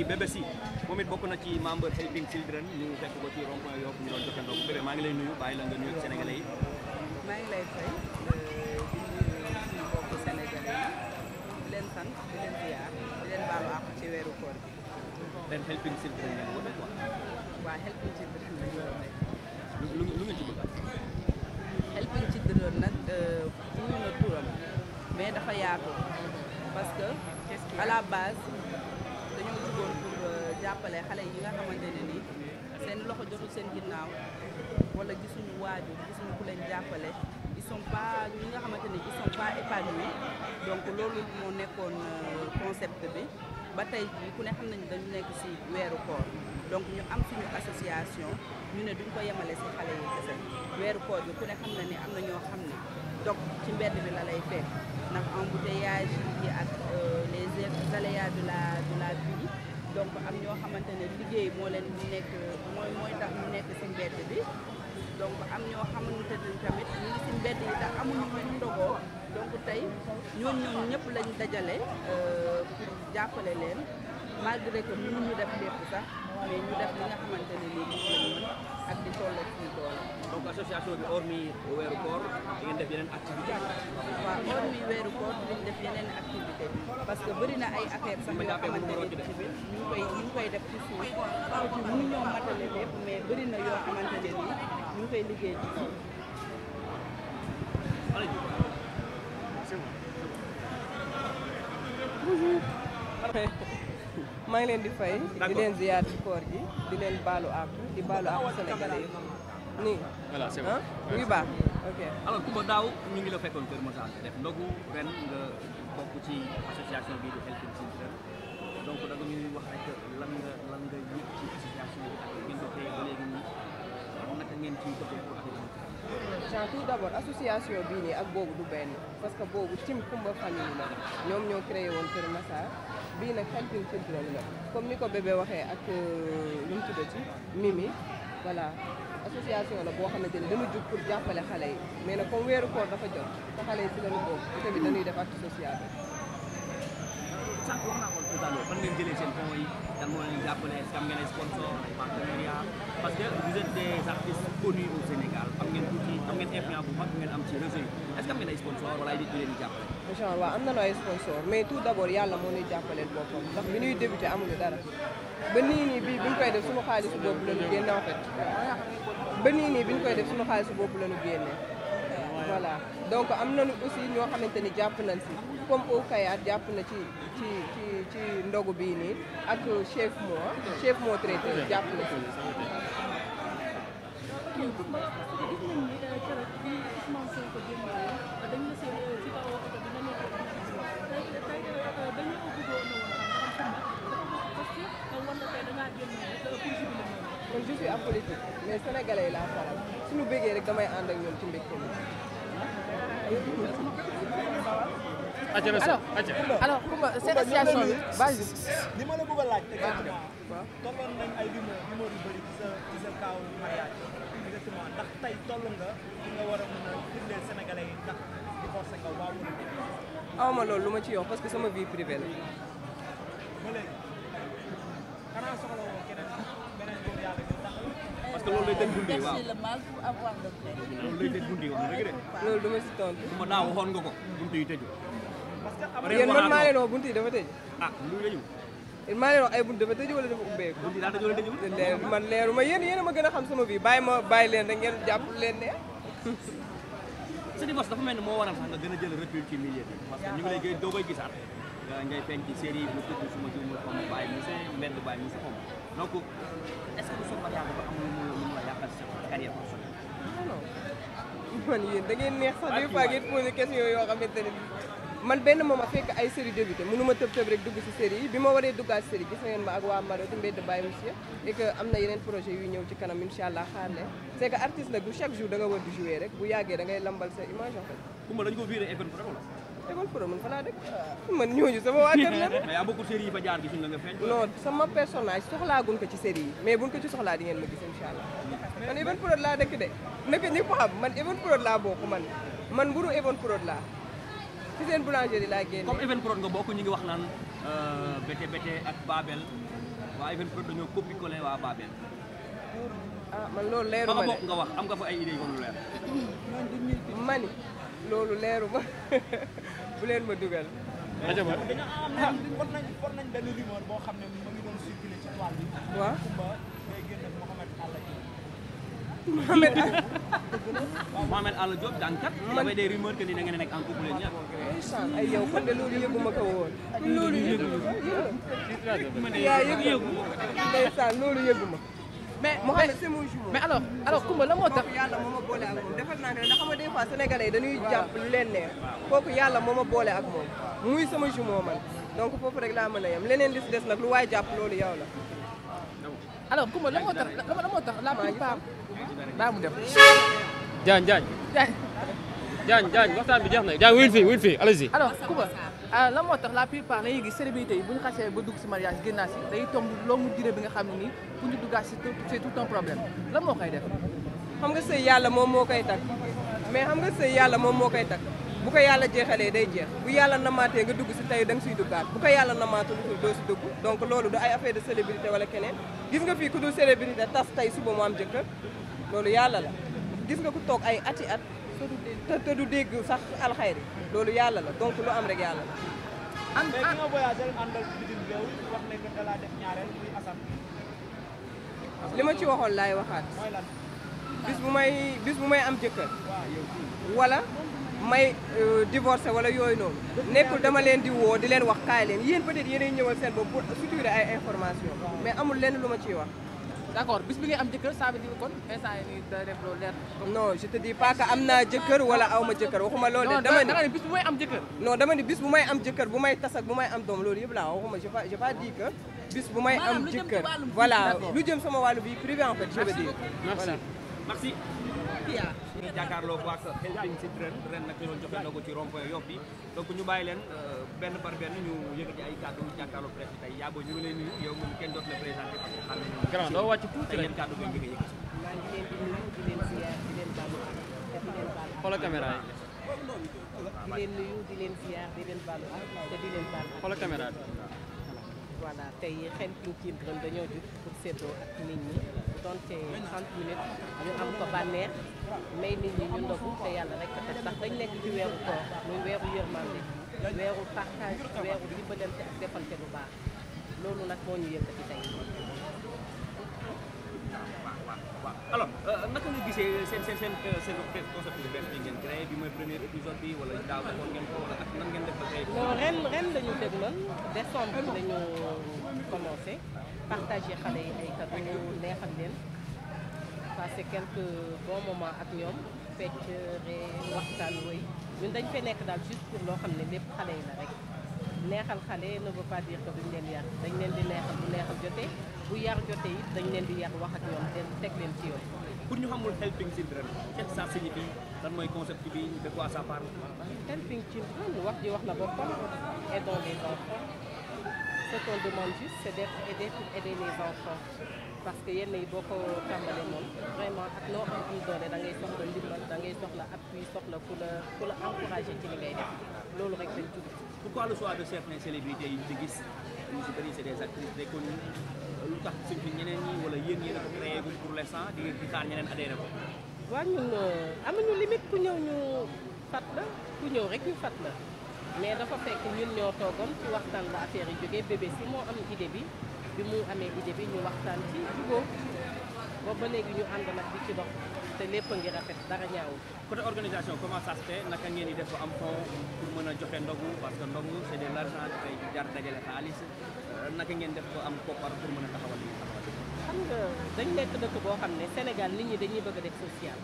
di moom it bokk na ci membre Helping Children ñu fekk ko ci rond point Yoff maa ngi lay nuyu bàyyi la nga nuyu Sénégalais yi. maa ngi lay fay euh, di nuyu mbokku Sénégalais yi leen sant di leen ziar di leen baalu àq ci weeru koor bi. ren Helping Children nag mu euh, na mais dafa yaatu parce que à jàppale xale yi nga xamante ne seen loxo jotul seen ginnaaw wala gisuñu waajur gisuñu ku leen jàppale ils sont pas ñi nga xamante ne ils sont pas donc loolu moo nekkoon euh, concept bi ba tey jii ku ne xam nañu dañu nekk ci weeru koor donc ñu am suñu association ñu ne duñ ko yemale si xale yi kese weeru koor bi ku ne xam na ni am na ñoo xam ne dog ci mbedd bi la lay fekk ndax embouteillage yi ak euh, les aléas de la de la vie donc am ñoo xamante ne liggéey moo leen nekk mooy mooy tax ñu nekk ci mbedd bi donc am ñoo xamante tamit ñu ngi ci mbedd yi tax amuñu lu ñu ndogoo donc tey ñoon ñoom ñëpp lañu dajale euh, pour jàppale leen malgré que ñu def lépp sax mais ñu def li nga xamante ne nii moom ak di tolloo ci suñu doole. donc association bi hormis weeru koor di ngeen def yeneen activité waaw hormis weeru koor dinañ def yeneen activité parce que bëri na ay affaire sax yoo xamante ne ci biir ñu koy ñu koy def ci suuf ci mënu ñoo matale lépp mais bëri na yoo xamante ne ni ñu koy liggéey ci suuf bonjour maa ngi leen di fay di leen ziyaar ci koor gi di leen baalu àq di baalu ak Sénégalais yi nii. voilà c'est bon mu ngi baax ok. alors Coumba daaw ñu ngi la fekkoon Kër Massar def ndogu ren nga bokk ci association bii di Help Kids donc da nga ñuy wax rek lan nga lan nga yëg ci association bi ak bi nga ba léegi naka ngeen ciy doxee genre tout d'abord association bii nii ak boobu du benn parce que boobu tim Kumba famille la ñoom ñoo créé woon Kër Massar bii nag camping comme ni ko bébé waxee ak lu euh, mu tuddati Mimi voilà association la boo xamante ni dama jug jàppale xale yi mais nag comme weeru dafa jot te xale yi si lañu boobu te tamit dañuy def acte seen fonds yi dan moo am ngeen ay sponsor Sénégal ngeen tuuti am ngeen influence bu mag ngeen am ci réseau yi est-ce que am ngeen waaw am nañu ay sponsor mais tout d'abord yàlla moo ñuy jàppaleel boppam ndax bi ñuy débuté amuñu dara ba nii bi ñu koy def suñu xaalisu bopp la ñu génne en ba nii nii koy def suñu xaalisu bopp la ñu génne voilà donc am nañu aussi ñoo xamante ni jàpp nañ si comme au Kayar jàpp na ci ci ci ci ndogu bii nii ak chef moo chef moo traité jàpp na si man je suis apolitique mais sénégalais yi laa faral suñu bëggee rek damay ànd ak ñoom ci mbégte bi. alors alors Koumba seen association bi base bi. li ma la bëgg laaj. waaw waaw tolloon nañ ay rumeur rumeur yu bëri ci sa ci sa kaw exactement ndax tey toll nga fi nga war a mën a firndeel sénégalais yi ndax di forcé nga waaw wala déet. ma loolu lu ma ci yow parce que sama vie privée la. ba léegi xanaa soxla loolu lay tëj gundi loolu ma si tontu. ma daaw waxoon nga ko buntu yi tëju. parce man maa leen buntu yi dafa tëj. Ah, maa leen wax ay buntu dafa tëju wala dafa ma yéen yéen a ma gën a xam sama vie bàyyi ma bàyyi leen rek ngeen jàpp leen ne. sa divorce dafa mel ni moo waral sax ma gën a jël recul ci milieu bi parce que ñu ngi lay gën doo koy gisaat ngay feeñ ci série bu tudd suma jiw mu xam Baye Moussa mbedd Baye Moussa xam donc est ce que sa mariage dafa am lu mu la yàqal sa carrière da ngeen neex sax des fois ngeen posé man benn moom a fekk ay série débuté mënuma tëb tëb rek dugg si série yi bi ma waree duggaat série gis ngeen ma ak waa Marodi Mbedd Baye Monsieur et que am na yeneen projet yu ñëw ci kanam incha allah xaar leen c' est que artiste nag bu war di jouer rek bu yàggee da ngay lambal sa image en fait. Coumba dañu ko la. école pro man fa laa dëkk ah, man ñooñu sama waa kër la. mais yaa bokkul série yi fa jaar gisuñ la nga feeñ. ma gis incha man école pro laa de naka ñëpp xam man man man mburu école ci seen boulangerie laa génne. comme Evenprod nga bokk ñu ngi wax naan euh, Bété Bété ak Babel waa Evenprod dañoo copier coller waa Babel. Ah, man loolu leeru am nga fa ay idées yu leer. mani loolu leeru ma bu leen ma dugal. rajo ne mu Mohamed Mohamed Alla Diop jàngkat. man dafay des rumeurs que a nekk en couple ñaar. inchaallah ay yow kon de loolu yëguma ko woon. loolu yëguma ko yaa yëguma ko ndeysaan loolu yëguma mais Mohamed c'est mon jour. mais alors alors Coumba la moo tax. kooku moo ma boole ak moom defal naa ne ndax jàpp lu leen neex. kooku yàlla moo ma boole ak moom. muy sama jour moo man donc foofu rek laa mën a yem leneen li si des nag lu waay jàpp loolu yow la. alors Coumba la moo tax la moo tax la plupart daa mu dem. Diagne Diagne. Diagne Diagne waxtaan bi jeex na Diagne wuyul fii wuyul fii allez-y. alors Kuba euh, lan moo tax la plupart dañuy gis célébrité yi bu ñu xasee ba dugg si mariage génnaa si day tomb loomu durée bi nga xam ne nii pour ñu duggaat si c'est tout un moo koy def. xam nga sëy yàlla moom moo koy takk mais xam nga sëy moo koy takk bu ko yàlla jeexalee day jeex bu yàlla namaatee nga dugg si tey da nga yàlla namaatul doo si dugg loolu ay affaire de célébrité wala keneen gis nga fii ku dul célébrité tas tey suba mu am jëkkër loolu yàlla la gis nga ku toog ay ati at te du dégg sax alxayri loolu yàlla la donc lu am rek yàlla la. am mais li ma ci waxoon laay waxaat. bis bu may bis bu may am jëkkër. wala may euh, divorcé wala yooyu noonu. nekkul dama leen di woo di leen wax kaay leen yéen peut-être ñëwal seen bopp pour ay information mais amul leen lu ma ciy wax. d' accord bis bi ngay am jëkkër ça je te dis pas am naa jëkkër wala aw jëkkër waxuma loolu de dama bis bu may am jëkkër non dama ne bis bu may am jëkkër bu may tas bi bu may am doom loolu yëpp laa waxuma j'ai pas dit que bis bu may am jëkkër voilà lu jëm sama wàllu bi privé en fait je veux dire merci ñu jàkkaarloo bu ak helping children ren nag ñoo joxe ndogu ci rond-point Yoff bi donc ñu bàyyi leen euh, benn par benn ñu yëkkati ay kàddu ñu jàkkaarloo presse bi tey yaa booy ñu ngi lay nuyu yow moom kenn dootu la présenté parce que xam nañu grand doo wàcc tuuti rek kàddu nga njëkk a yëkkati maa ngi leen di nuyu di leen ziar di leen baalu ak te di leen baalu xoolal yi di leen nuyu di leen ziar di leen baalu ak te di leen baalu xoolal caméra bi voilà tey helping ak nit donte 30 minutes ñu am ko bànneex may nit ñi ñu ndogu te yàlla rek tax ndax dañ nekk ci weeru koor muy weeru yërmande weeru partage weeru dimbalante ak defante lu baax loolu nag moo ñu yëkkati tey waaw waaw alors euh, naka nga gisee seen seen seen euh, seen concept bu bees bi ngeen créé bi mooy premier épisode bi wala daaw defoon ngeen ko wala ak nan ngeen def ba tey. non ren ren la ñu dégloon décembre la ñu commencé partagé xale yi ay kàddu neexal leen passé quelques bons moments ak ñoom fecc ree waxtaan wooy ñun dañ fee nekk daal juste pour loo xam ne lépp xale yi la rek neexal xale ne veut pas dire que duñ leen yar dañ leen di neexal bu neexal jotee. bu yar jotee yi dañ leen di yar wax ak ñoom te teg leen ci yoon. pour ñu xamul helping children qu'est-ce que ça signifie lan mooy concept bi de quoi ça parle. helping children wax ji wax na boppam aidons les enfants ce qu'on demande juste c'est d'être aidé parce que yenn yi boo ko tàmbalee moom vraiment ak loo am am doole da ngay soxla ndimbal da ngay soxla appui soxla ku la ku la ci li ngay def loolu rek dañ jug pourquoi le choix de certaines célébrités yi ñu gis ñu si bëri c'est des actrices très connues lu tax suñ fi ñeneen ñi wala yéen yéen a ko créé pour l'instant di di xaar ñeneen adhéré ko waaw ñun euh, amuñu limite ku ñëw ñu fat la ku ñëw rek ñu fat la mais dafa fekk ñun ñoo toogoon ci waxtaan la affaire moo am idée bi bi mu amee idée bi ñu waxtaan ci jubóo boobu ba léegi ñu ànd nag di ci dox te lépp a ngi rafet dara ñaawul. côté organisation comment ça naka ngeen di def ba am fond pour mën a joxe ndogu parce que ndogu c' est de l' argent dafay jar dajale xaalis euh, naka ngeen def ba am koppar pour mën a taxawal li xam nga dañ nekk dëkk boo xam ne Sénégal nit ñi dañuy bëgg a def social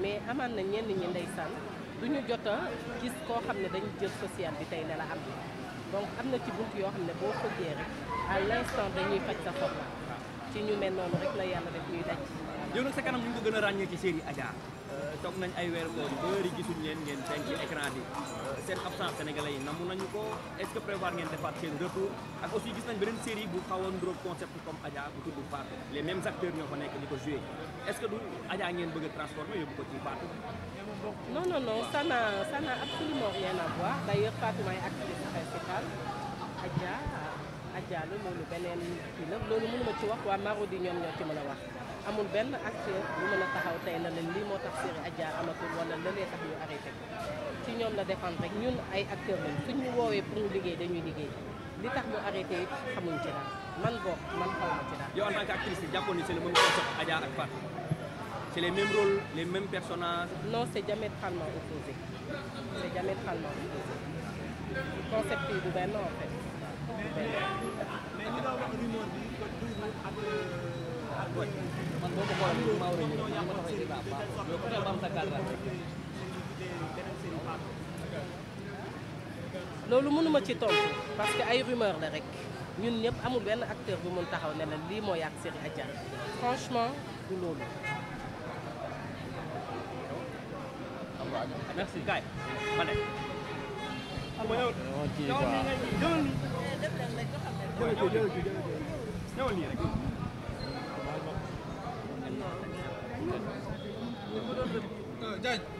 mais amaan na ñeen ñi ndeysaan du ñu jot a gis koo xam ne dañ jël social bi tey ne la am. donc am na ci bunt yoo xam ne boo fëggee rek à l' instant dañuy faj sa soxla ci ñu mel noonu rek la yàlla rek ñuy daj. yow sa kanam ñu ngi ko gën a ràññee ci série Adja. toog nañ ay weer koor yu bëri gisuñ leen ngeen feeñ ci écran bi euh, seen absence sénégalais yi namu nañu ko est-ce que prévoir ngeen defaat seen retour ak aussi gis nañ beneen série bu xawoon ndróog concept comme Adja bu tudd Fatou les mêmes ñoo fa nekk di ko joué est-ce ngeen bëgg a transformer yóbbu ko ci Fatou non non non ça n'a ça n'a absolument rien à voir d'ailleurs Fatou may actrice principale Adja Adja la loolu beneen kii loolu mënu ma ci wax waa Marodi ñoom ñoo ci mën a wax amul benn acteur bu mën a taxaw tey na leen lii moo tax Siré Adja amatul wala lëlee tax ñu arrêté ci ñoom la dépendre rek ñun ay acteurs lañ suñ ñu woowee pour liggéey dañuy liggéey li tax mu arrêté it xamuñ ci daal man boog man xaw ma ci daal. yow en tant qu'actrice yi jàppoon ni c'est le même concept Adja ak Fatou c'est les mêmes rôles les mêmes personnages. non c'est diamétralement opposé c'est diamétralement opposé concept du benn en fait. mais mais li nga wax rumeur bi ak. loolu mënuma ci tontu parce que ay rumeur la rek ñun ñëpp amul benn acteur bu mun taxaw ne la lii moo yàq série Adja franchement du loolu. Diagne